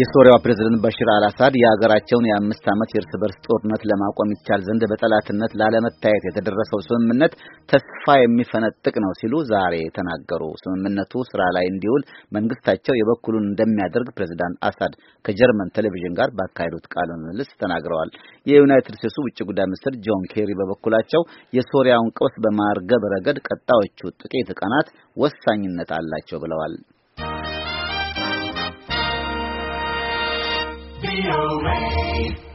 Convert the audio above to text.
የሶሪያው ፕሬዝዳንት በሽር አልአሳድ የሀገራቸውን የአምስት ዓመት የእርስ በርስ ጦርነት ለማቆም ይቻል ዘንድ በጠላትነት ላለመታየት የተደረሰው ስምምነት ተስፋ የሚፈነጥቅ ነው ሲሉ ዛሬ ተናገሩ። ስምምነቱ ስራ ላይ እንዲውል መንግስታቸው የበኩሉን እንደሚያደርግ ፕሬዝዳንት አሳድ ከጀርመን ቴሌቪዥን ጋር ባካሄዱት ቃለ ምልልስ ተናግረዋል። የዩናይትድ ስቴትሱ ውጭ ጉዳይ ሚኒስትር ጆን ኬሪ በበኩላቸው የሶሪያውን ቀውስ በማርገብ ረገድ ቀጣዮቹ ጥቂት ቀናት ወሳኝነት አላቸው ብለዋል። VOA